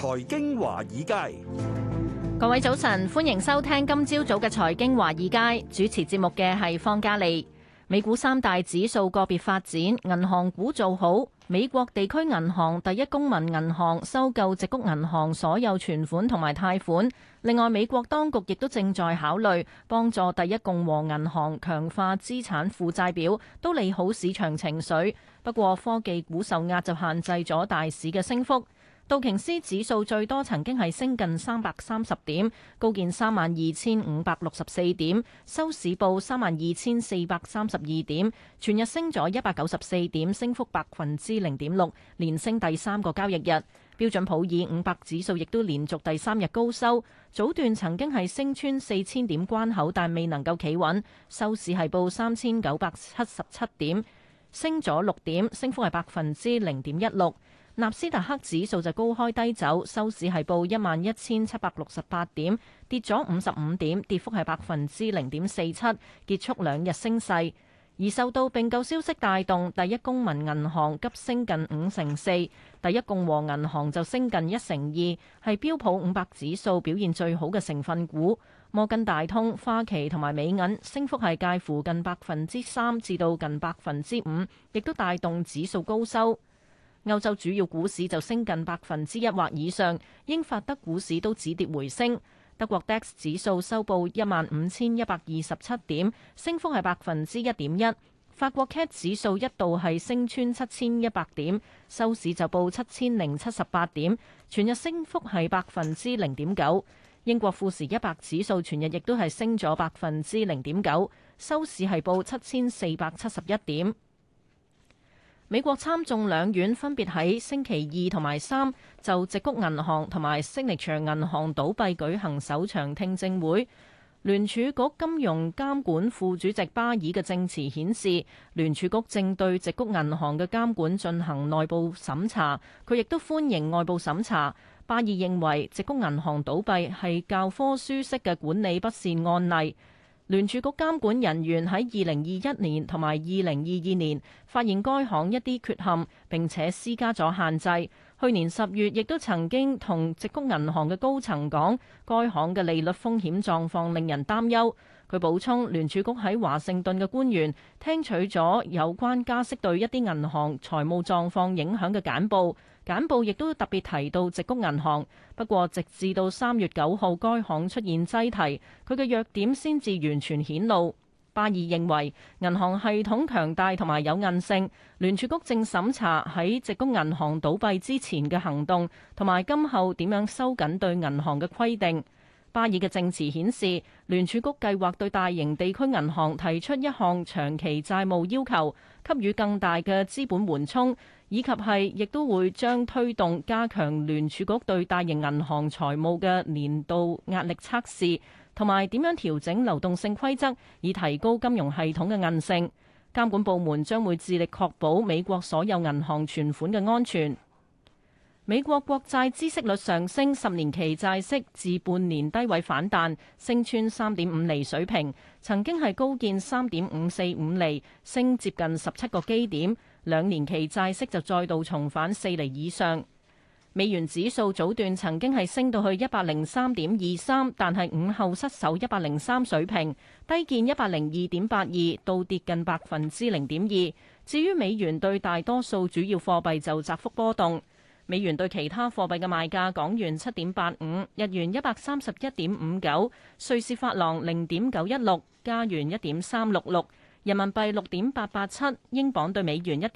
財經華爾街，各位早晨，歡迎收聽今朝早嘅財經華爾街。主持節目嘅係方嘉利。美股三大指數個別發展，銀行股做好。美國地區銀行第一公民銀行收購矽谷銀行所有存款同埋貸款。另外，美國當局亦都正在考慮幫助第一共和銀行強化資產負債表，都利好市場情緒。不過，科技股受壓就限制咗大市嘅升幅。道瓊斯指數最多曾經係升近三百三十點，高見三萬二千五百六十四點，收市報三萬二千四百三十二點，全日升咗一百九十四點，升幅百分之零點六，連升第三個交易日。標準普爾五百指數亦都連續第三日高收，早段曾經係升穿四千點關口，但未能夠企穩，收市係報三千九百七十七點，升咗六點，升幅係百分之零點一六。納斯達克指數就高開低走，收市係報一萬一千七百六十八點，跌咗五十五點，跌幅係百分之零點四七，結束兩日升勢。而受到併購消息帶動，第一公民銀行急升近五成四，第一共和銀行就升近一成二，係標普五百指數表現最好嘅成分股。摩根大通、花旗同埋美銀升幅係介乎近百分之三至到近百分之五，亦都帶動指數高收。歐洲主要股市就升近百分之一或以上，英法德股市都止跌回升。德國 DAX 指數收報一萬五千一百二十七點，升幅係百分之一點一。法國 CAC 指數一度係升穿七千一百點，收市就報七千零七十八點，全日升幅係百分之零點九。英國富時一百指數全日亦都係升咗百分之零點九，收市係報七千四百七十一點。美國參眾兩院分別喺星期二同埋三就矽谷銀行同埋 Signature 銀行倒閉舉行首場聽證會。聯儲局金融監管副主席巴爾嘅證詞顯示，聯儲局正對矽谷銀行嘅監管進行內部審查。佢亦都歡迎外部審查。巴爾認為矽谷銀行倒閉係教科書式嘅管理不善案例。聯儲局監管人員喺二零二一年同埋二零二二年發現該行一啲缺陷，並且施加咗限制。去年十月，亦都曾經同矽谷銀行嘅高層講，該行嘅利率風險狀況令人擔憂。佢補充，聯儲局喺華盛頓嘅官員聽取咗有關加息對一啲銀行財務狀況影響嘅簡報，簡報亦都特別提到矽谷銀行。不過，直至到三月九號，該行出現擠提，佢嘅弱點先至完全顯露。巴爾認為，銀行系統強大同埋有韌性，聯儲局正審查喺矽谷銀行倒閉之前嘅行動，同埋今後點樣收緊對銀行嘅規定。巴爾嘅證詞顯示，聯儲局計劃對大型地區銀行提出一項長期債務要求，給予更大嘅資本緩衝，以及係亦都會將推動加強聯儲局對大型銀行財務嘅年度壓力測試。同埋，點樣調整流動性規則以提高金融系統嘅韌性。監管部門將會致力確保美國所有銀行存款嘅安全。美國國債孳息率上升，十年期債息自半年低位反彈，升穿三點五厘水平，曾經係高見三點五四五厘，升接近十七個基點。兩年期債息就再度重返四厘以上。美元指數早段曾經係升到去一百零三點二三，但係午後失守一百零三水平，低見一百零二點八二，倒跌近百分之零點二。至於美元對大多數主要貨幣就窄幅波動。美元對其他貨幣嘅賣價：港元七點八五，日元一百三十一點五九，瑞士法郎零點九一六，加元一點三六六，人民幣六點八八七，英鎊對美元一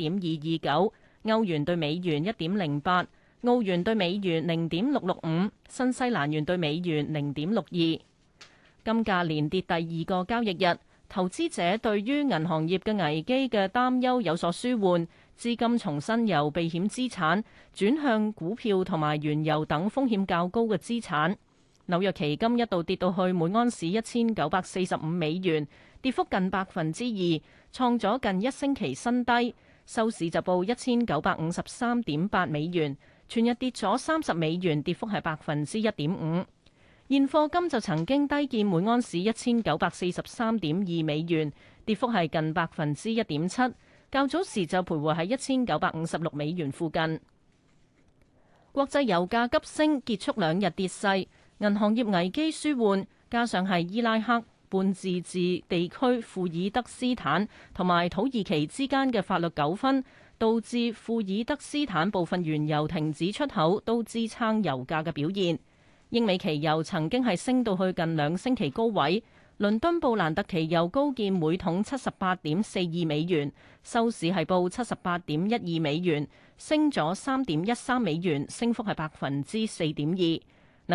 點二二九，歐元對美元一點零八。澳元兌美元零點六六五，新西蘭元兌美元零點六二。金價連跌第二個交易日，投資者對於銀行業嘅危機嘅擔憂有所舒緩，資金重新由避險資產轉向股票同埋原油等風險較高嘅資產，紐約期金一度跌到去每安士一千九百四十五美元，跌幅近百分之二，創咗近一星期新低。收市就報一千九百五十三點八美元。全日跌咗三十美元，跌幅係百分之一點五。現貨金就曾經低見每盎士一千九百四十三點二美元，跌幅係近百分之一點七。較早時就徘徊喺一千九百五十六美元附近。國際油價急升，結束兩日跌勢。銀行業危機舒緩，加上係伊拉克半自治地區庫爾德斯坦同埋土耳其之間嘅法律糾紛。導致庫爾德斯坦部分原油停止出口，都支撐油價嘅表現。英美期油曾經係升到去近兩星期高位，倫敦布蘭特期油高見每桶七十八點四二美元，收市係報七十八點一二美元，升咗三點一三美元，升幅係百分之四點二。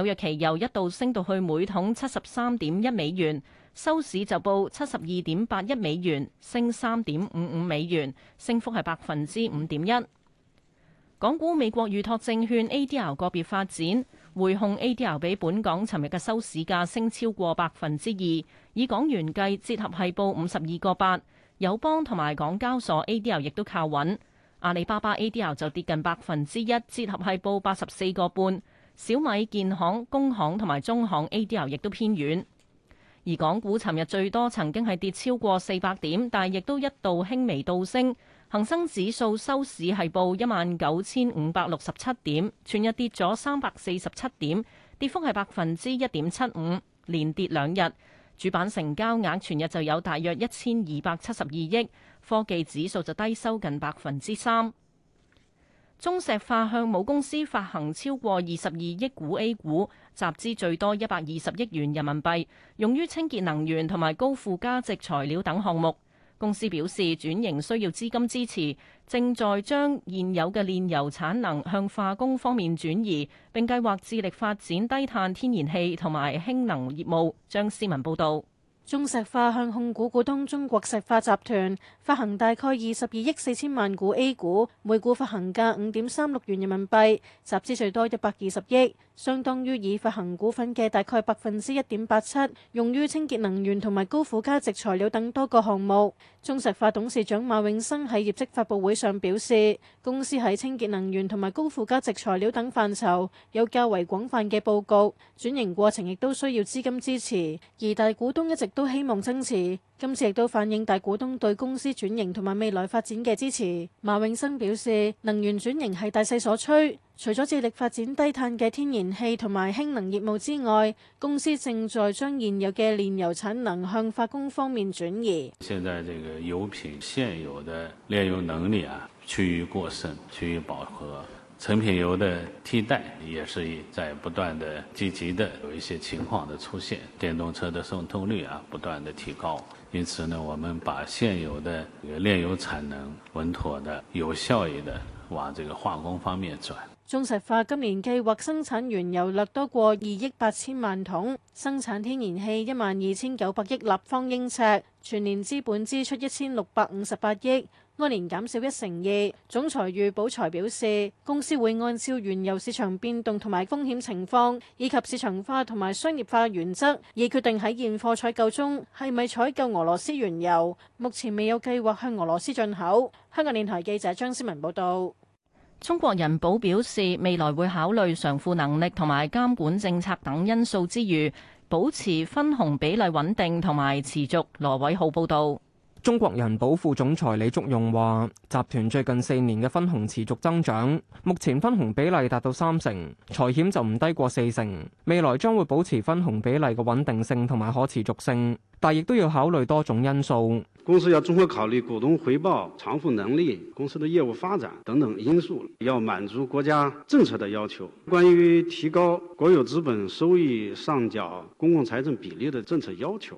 紐約期油一度升到去每桶七十三點一美元。收市就報七十二點八一美元，升三點五五美元，升幅係百分之五點一。港股美國預託證券 ADR 個別發展，匯控 ADR 比本港尋日嘅收市價升超過百分之二，以港元計，折合係報五十二個八。友邦同埋港交所 ADR 亦都靠穩，阿里巴巴 ADR 就跌近百分之一，折合係報八十四個半。小米、建行、工行同埋中行 ADR 亦都偏軟。而港股尋日最多曾經係跌超過四百點，但亦都一度輕微倒升。恒生指數收市係報一萬九千五百六十七點，全日跌咗三百四十七點，跌幅係百分之一點七五，連跌兩日。主板成交額全日就有大約一千二百七十二億，科技指數就低收近百分之三。中石化向母公司發行超過二十二億股 A 股，集資最多一百二十億元人民幣，用於清潔能源同埋高附加值材料等項目。公司表示轉型需要資金支持，正在將現有嘅煉油產能向化工方面轉移，並計劃致力發展低碳天然氣同埋氫能業務。張思文報道。中石化向控股股東中國石化集團發行大概二十二億四千萬股 A 股，每股發行價五點三六元人民幣，集資最多一百二十億，相當於已發行股份嘅大概百分之一點八七，用於清潔能源同埋高附加值材料等多個項目。中石化董事長馬永生喺業績發佈會上表示，公司喺清潔能源同埋高附加值材料等範疇有較為廣泛嘅佈局，轉型過程亦都需要資金支持，而大股東一直，都希望增持，今次亦都反映大股東對公司轉型同埋未來發展嘅支持。馬永生表示，能源轉型係大勢所趨，除咗致力發展低碳嘅天然氣同埋氫能業務之外，公司正在將現有嘅煉油產能向化工方面轉移。現在這個油品現有的煉油能力啊，趨於過剩，趨於飽和。成品油的替代也是在不斷的積極的有一些情況的出現，電動車的滲透率啊不斷的提高，因此呢，我們把現有的煉油產能穩妥的有效益的往這個化工方面轉。中石化今年計劃生產原油略多過二億八千萬桶，生產天然氣一萬二千九百億立方英尺，全年資本支出一千六百五十八億。安今年減少一成二，總裁喻寶才表示，公司會按照原油市場變動同埋風險情況，以及市場化同埋商業化原則，而決定喺現貨採購中係咪採購俄羅斯原油。目前未有計劃向俄羅斯進口。香港電台記者張思文報道。中國人保表示，未來會考慮償付能力同埋監管政策等因素之餘，保持分紅比例穩定同埋持續。羅偉浩報道。中國人保副總裁李竹用話：集團最近四年嘅分紅持續增長，目前分紅比例達到三成，財險就唔低過四成，未來將會保持分紅比例嘅穩定性同埋可持續性，但亦都要考慮多種因素。公司要綜合考慮股東回報、償付能力、公司嘅業務發展等等因素，要滿足國家政策的要求。關於提高國有資本收益上繳公共財政比例的政策要求。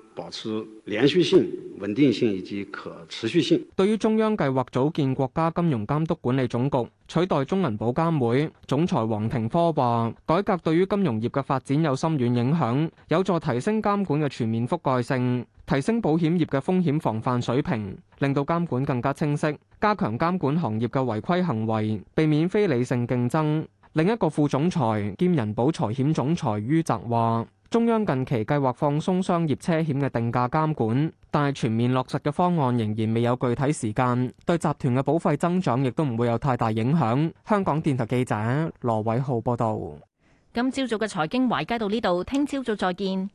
保持連續性、穩定性以及可持續性。對於中央計劃組建國家金融監督管理總局取代中銀保監會，總裁黃廷科話：改革對於金融業嘅發展有深遠影響，有助提升監管嘅全面覆蓋性，提升保險業嘅風險防範水平，令到監管更加清晰，加強監管行業嘅違規行為，避免非理性競爭。另一個副總裁兼人保財險總裁于澤話，中央近期計劃放鬆商業車險嘅定價監管，但係全面落實嘅方案仍然未有具體時間，對集團嘅保費增長亦都唔會有太大影響。香港電台記者羅偉浩報道。今朝早嘅財經華爾街到呢度，聽朝早再見。